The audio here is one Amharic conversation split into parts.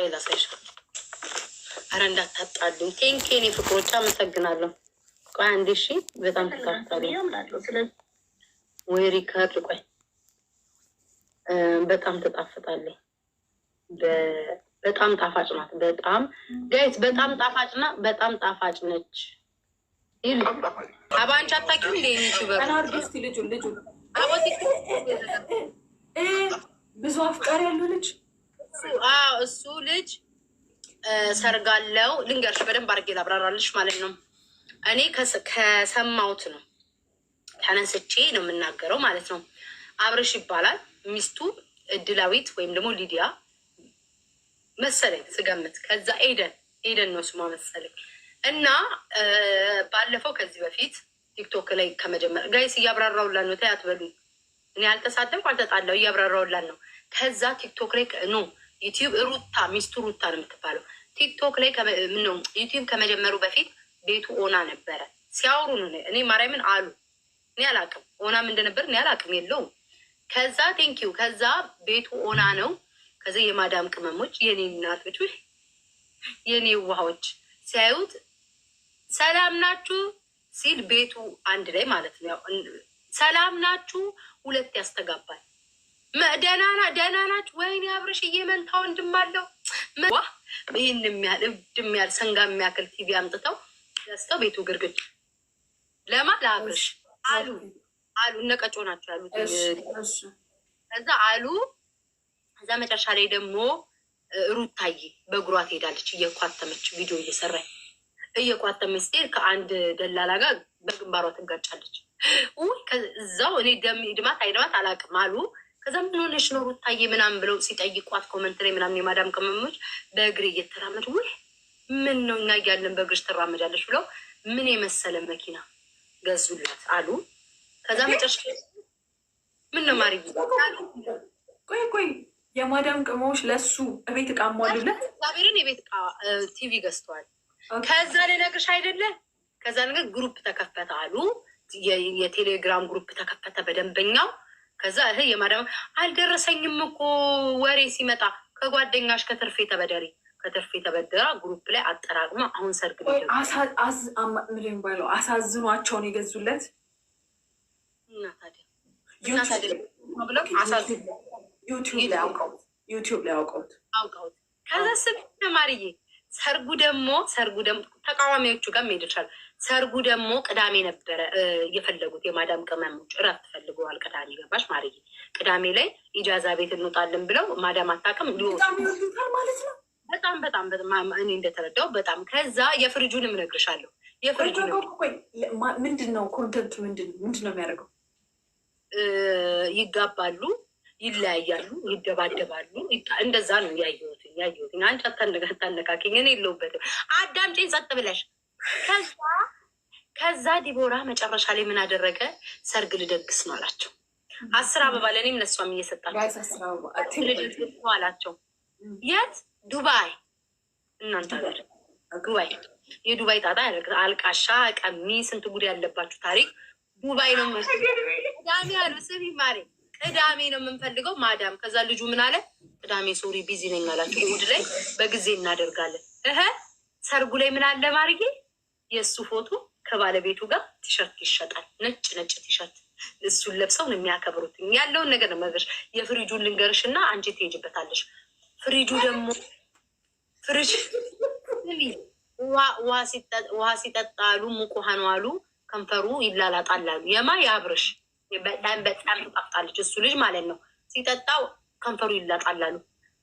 ቆይ ላሳይሽ። አረ እንዳታጣሉኝ። ቴንኬ እኔ ፍቅሮች አመሰግናለሁ። ቆይ አንዴ እሺ። በጣም ትታጣሉ ወይ ሪከርድ። ቆይ በጣም ትጣፍጣለኝ። በጣም ጣፋጭ ናት። በጣም ጋይስ፣ በጣም ጣፋጭ ናት። በጣም ጣፋጭ ነች። አባንቻ አታውቂው እንዴ? ዩቲበርናርዶስቲ ልጁ ልጁ አቦ ብዙ አፍቃሪ ያሉ ልጅ እሱ ልጅ ሰርጋለው ልንገርሽ፣ በደንብ አድርጌ ላብራራልሽ ማለት ነው። እኔ ከሰማሁት ነው ተነስቼ ነው የምናገረው ማለት ነው። አብርሽ ይባላል። ሚስቱ እድላዊት ወይም ደግሞ ሊዲያ መሰለኝ ስገምት፣ ከዛ ኤደን ኤደን ነው ስሟ መሰለኝ። እና ባለፈው ከዚህ በፊት ቲክቶክ ላይ ከመጀመር ጋይስ እያብራራውላን ነው። ተይ እኔ አልተሳደብኩ አልተጣላሁ፣ እያብራራውላን ነው። ከዛ ቲክቶክ ላይ ነው ዩቲዩብ ሩታ ሚስቱ ሩታ ነው የምትባለው። ቲክቶክ ላይ ምነው ዩቲዩብ ከመጀመሩ በፊት ቤቱ ኦና ነበረ። ሲያወሩ ነው እኔ ማርያምን አሉ እኔ አላቅም፣ ኦናም እንደነበር እኔ አላቅም የለውም። ከዛ ቴንኪዩ ከዛ ቤቱ ኦና ነው። ከዚ የማዳም ቅመሞች የኔ እናቶች የኔ ውሃዎች ሲያዩት ሰላም ናችሁ ሲል ቤቱ አንድ ላይ ማለት ነው ሰላም ናችሁ ሁለት ያስተጋባል። ደህና ደህና ናችሁ? ወይኔ አብርሽ እየመንታ ወንድም አለው። ይህን የሚያል እብድ የሚያል ሰንጋ የሚያክል ቲቪ አምጥተው ደስተው ቤቱ ግርግድ ለማ ለአብረሽ አሉ አሉ እነቀጮ ናቸው ያሉት። ከዛ አሉ ከዛ መጨረሻ ላይ ደግሞ ሩታዬ በእግሯ ትሄዳለች እየኳተመች ቪዲዮ እየሰራች እየኳተመች ስትሄድ ከአንድ ደላላ ጋር በግንባሯ ትጋጫለች። ውይ ከዛው እኔ ደም ድማት አይድማት አላውቅም አሉ ከዛ ምን ሆነሽ ነው ሩታዬ ምናምን ብለው ሲጠይቋት ኮመንት ላይ ምናምን የማዳም ቅመሞች በእግር እየተራመድ ውይ ምን ነው እኛ እያለን በእግርሽ ትራመዳለች ብለው ምን የመሰለ መኪና ገዙላት አሉ። ከዛ መጨረሻ ምን ነው ማሪ ቆይ ቆይ የማዳም ቅመሞች ለሱ እቤት እቃ ሟሉለት እግዚአብሔርን የቤት እቃ ቲቪ ገዝተዋል። ከዛ ልነግርሽ አይደለ ከዛ ነገር ግሩፕ ተከፈተ አሉ። የቴሌግራም ግሩፕ ተከፈተ በደንበኛው ከዛ እህ የማዳም አልደረሰኝም እኮ ወሬ ሲመጣ ከጓደኛሽ ከትርፌ ተበደሪ ከትርፌ ተበደራ ግሩፕ ላይ አጠራቅማ አሁን ሰርግ ምን ባለው አሳዝኗቸውን የገዙለት ዩቲዩብ ላይ አውቀውት አውቀውት ከዛ ስብ ተማሪዬ ሰርጉ ደግሞ ሰርጉ ደግሞ ተቃዋሚዎቹ ጋር መሄድ ይችላል ሰርጉ ደግሞ ቅዳሜ ነበረ የፈለጉት የማዳም ቅመሞች እረፍት ፈልገዋል። ቅዳሜ ገባሽ ማርዬ? ቅዳሜ ላይ ኢጃዛ ቤት እንውጣለን ብለው ማዳም አታውቅም ማለት በጣም በጣም በጣም እኔ እንደተረዳው በጣም ከዛ የፍርጁንም እነግርሻለሁ። የፍርጁ ምንድን ነው ኮንተንቱ? ምንድን ነው የሚያደርገው? ይጋባሉ፣ ይለያያሉ፣ ይደባደባሉ። እንደዛ ነው ያየሁትኝ ያየሁትኝ። አንቺ አታነቃቂኝ፣ እኔ የለሁበትም። አዳምጪኝ ጸጥ ብለሽ ከዛ ከዛ ዲቦራ መጨረሻ ላይ ምን አደረገ? ሰርግ ልደግስ ነው አላቸው። አስር አበባ ለእኔም ለእሷም እየሰጣቸው ልደግስ ነው አላቸው። የት? ዱባይ። እናንተ ሀገር ዱባይ። የዱባይ ጣጣ ያደርግ አልቃሻ ቀሚ፣ ስንት ጉድ ያለባችሁ ታሪክ። ዱባይ ነው ቅዳሜ አሉ ስብ ማሬ፣ ቅዳሜ ነው የምንፈልገው ማዳም። ከዛ ልጁ ምን አለ? ቅዳሜ ሶሪ ቢዚ ነኝ አላቸው። እሑድ ላይ በጊዜ እናደርጋለን። እህ ሰርጉ ላይ ምን አለ ማርጌ የእሱ ፎቶ ከባለቤቱ ጋር ቲሸርት ይሸጣል። ነጭ ነጭ ቲሸርት እሱን ለብሰው ነው የሚያከብሩት። ያለውን ነገር ነው መገርሽ። የፍሪጁን ልንገርሽ እና አንቺ ትሄጅበታለሽ። ፍሪጁ ደግሞ ፍሪጅ ውሃ ሲጠጣ አሉ ሙቁሃን አሉ ከንፈሩ ይላላጣል አሉ። የማ ያብርሽ በጣም በጣም ትጣፍጣለች እሱ ልጅ ማለት ነው። ሲጠጣው ከንፈሩ ይላጣል አሉ።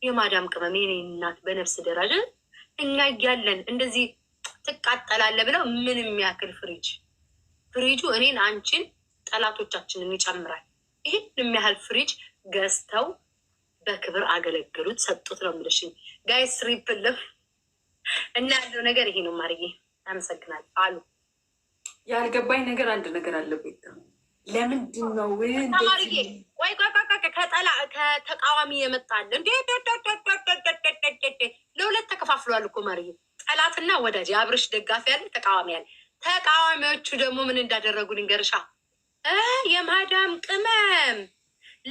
የማዳም ቅመም የኔ እናት በነፍስ ደረጃ እኛ እያለን እንደዚህ ትቃጠላለ ብለው ምን የሚያክል ፍሪጅ ፍሪጁ እኔን አንቺን ጠላቶቻችንን ይጨምራል። ይህን የሚያህል ፍሪጅ ገዝተው በክብር አገለገሉት፣ ሰጡት ነው የምልሽኝ። ጋይ ሪፕልፍ እና ያለው ነገር ይሄ ነው። ማርዬ ያመሰግናል። አሉ ያልገባኝ ነገር አንድ ነገር አለ። ቤት ለምንድን ነው ማርዬ? ቆይ ቆይ ከጠላ ከተቃዋሚ የመጣለ እንዴ? ለሁለት ተከፋፍሏል እኮ ማርዬ ጠላትና ወዳጅ የአብርሽ ደጋፊ ያለ ተቃዋሚ ያለ ተቃዋሚዎቹ ደግሞ ምን እንዳደረጉ ልንገርሻ። የማዳም ቅመም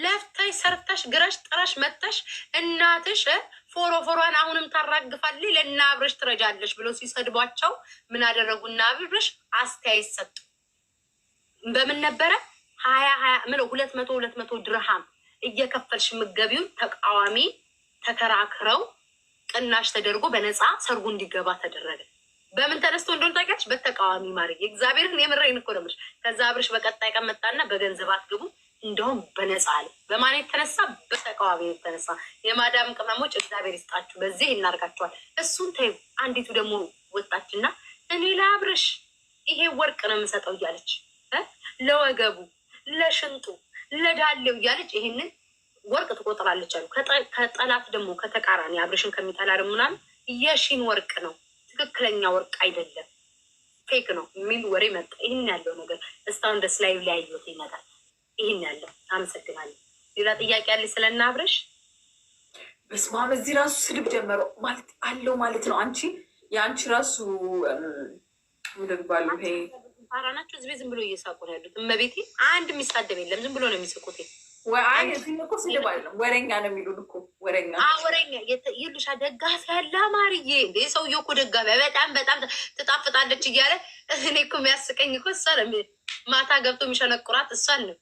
ለፍታሽ ሰርታሽ ግራሽ ጥራሽ መጥተሽ እናትሽ ፎሮ ፎሯን አሁንም ታራግፋለች ለና አብርሽ ትረጃለሽ ብሎ ሲሰድቧቸው ምን አደረጉ? እነ አብርሽ አስተያየት ሰጡ። በምን ነበረ ሀያ ሀያ ምለው ሁለት መቶ ሁለት መቶ ድርሃም እየከፈልሽ ምገቢውን ተቃዋሚ ተከራክረው ቅናሽ ተደርጎ በነፃ ሰርጉ እንዲገባ ተደረገ። በምን ተነስቶ እንደሆነ ታውቂያለሽ? በተቃዋሚ ማድረግ እግዚአብሔርን የምሬን እኮ ነበር። ከዛ አብርሽ በቀጣይ ቀን መጣና በገንዘብ አትግቡ እንደውም በነፃ አለ። በማን የተነሳ? በተቃዋሚ የተነሳ የማዳም ቅመሞች እግዚአብሔር ይስጣችሁ፣ በዚህ ይናርጋቸዋል። እሱን ተይው። አንዲቱ ደግሞ ወጣችና እኔ ለአብርሽ ይሄ ወርቅ ነው የምሰጠው እያለች ለወገቡ፣ ለሽንጡ፣ ለዳሌው እያለች ይሄንን ወርቅ ትቆጥራለች አሉ። ከጠላት ደግሞ ከተቃራኒ አብርሽን ከሚጠላ ደግሞ ምናምን የሺን ወርቅ ነው ትክክለኛ ወርቅ አይደለም ፌክ ነው የሚል ወሬ መጣ። ይህን ያለው ነገር እስካሁን ደስ ላይ ሊያየት ይመጣል። ይህን ያለው አመሰግናለሁ። ሌላ ጥያቄ ያለ ስለና አብርሽ በስመ አብ። እዚህ ራሱ ስድብ ጀመረው ማለት አለው ማለት ነው። አንቺ የአንቺ ራሱ ምደግባሉ ይሄ ራ ናቸው። እዚህ ዝም ብሎ እየሳቁ ነው ያሉት። እመቤቴ አንድ የሚሳደብ የለም። ዝም ብሎ ነው የሚስቁት። እዚህ ደጋፊ ያለ ማርዬ እንደ ሰውዬው እኮ ደጋፊ በጣም በጣም ትጣፍጣለች እያለ እኔ እኮ የሚያስቀኝ እኮ እሷ ነው። ማታ ገብቶ የሚሸነቁራት እሷን ነው።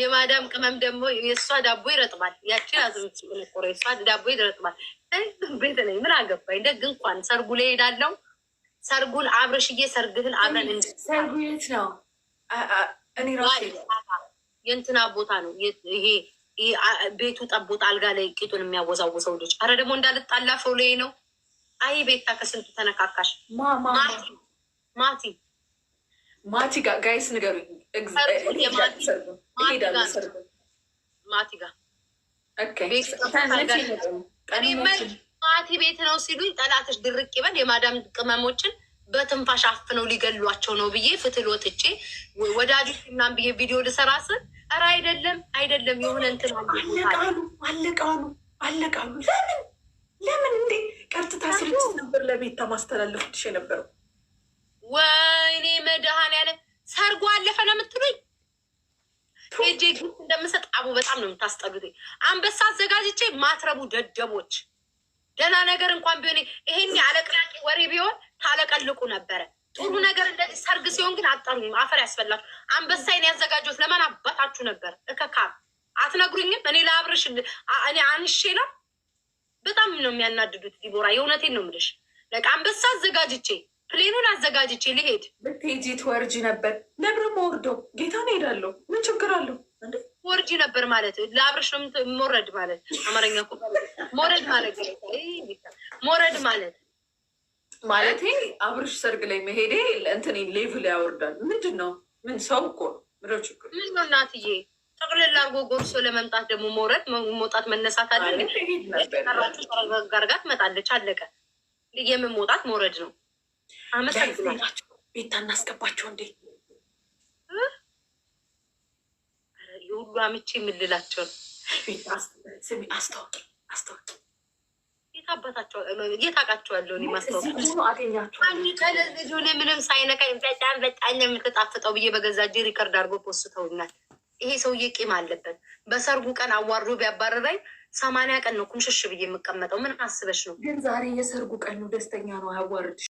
የማዳም ቅመም ደግሞ የእሷ ዳቦ ይረጥማል። ያችን አዘምቆረ የእሷ ዳቦ ይረጥማል። ቤት ነኝ ምን አገባኝ። ደግ እንኳን ሰርጉ ላይ ሄዳለው። ሰርጉን አብረሽዬ ሰርግህን አብረን እንሰርጉ የት ነው እኔ ራሴ የእንትና ቦታ ነው ይሄ ቤቱ ጠቦት አልጋ ላይ ቂጡን የሚያወዛውዘው ልጅ። አረ ደግሞ እንዳልጣላፈው ላይ ነው። አይ ቤታ ከስንቱ ተነካካሽ። ማቲ ማቲ ጋ ጋይስ ንገሩኝ። ማቲ ቤት ነው ሲሉ ጠላትሽ ድርቅ ይበል። የማዳም ቅመሞችን በትንፋሽ አፍነው ሊገሏቸው ነው ብዬ ፍትል ወጥቼ ወዳጆች ምናምን ብዬ ቪዲዮ ልሰራ ስል ኧረ አይደለም አይደለም፣ የሆነ እንትን አለቃሉ አለቃሉ አለቃሉ። ለምን ለምን እንዴ ቀጥታ ስርጭት ነበር ለቤታ ማስተላለፍልሽ የነበረው። ወይኔ መድኃኒዓለም ሰርጎ አለፈ ነው የምትሉኝ? ሄጄ ግን እንደምሰጥ አቡ በጣም ነው የምታስጠሉት። አንበሳ አዘጋጅቼ ማትረቡ ደደቦች፣ ደህና ነገር እንኳን ቢሆን ይሄን አለቅላቂ ወሬ ቢሆን ታለቀልቁ ነበረ። ጥሩ ነገር እንደዚህ ሰርግ ሲሆን ግን አጠሩ አፈር ያስፈላችሁ። አንበሳይን ያዘጋጀሁት ለማን አባታችሁ ነበር? እከካ አትነግሩኝም። እኔ ለአብርሽ እኔ አንሼ ነው። በጣም ነው የሚያናድዱት። ዲቦራ የእውነቴን ነው የምልሽ። በቃ አንበሳ አዘጋጅቼ ፕሌኑን አዘጋጅቼ ልሄድ ብትሄጂ ትወርጂ ነበር። ነብረ ወርዶ ጌታ ነው ሄዳለሁ። ምን ችግር አለው? ወርጂ ነበር ማለት ለአብርሽ ነው ሞረድ ማለት። አማርኛ ሞረድ ማለት ሞረድ ማለት ማለት አብርሽ ሰርግ ላይ መሄዴ እንትን ሌቭል ያወርዳል። ምንድን ነው ምን ሰው እኮ ምረ ችግር ምን ነው እናትዬ፣ ጠቅልላ ጎጎርሶ ለመምጣት ደግሞ መውረድ መውጣት መነሳት አለ ጋርጋ ትመጣለች። አለቀ። የምን መውጣት መውረድ ነው? አመሰግናቸው። ቤታ እናስገባቸው እንዴ! የሁሉ አምቼ የምልላቸው ነው። አስታወቂ አስታወቂ የታበታቸው ምንም ሳይነካኝ በጣም በጣም የምትጣፍጠው ብዬ በገዛ እጄ ሪከርድ አድርጎ ፖስተውኛል። ይሄ ሰውዬ ቂም አለበት። በሰርጉ ቀን አዋርዶ ቢያባረረኝ ሰማንያ ቀን ነው ኩምሽሽ ብዬ የምቀመጠው። ምን አስበሽ ነው? ግን ዛሬ የሰርጉ ቀን ነው። ደስተኛ ነው። አያዋርድሽ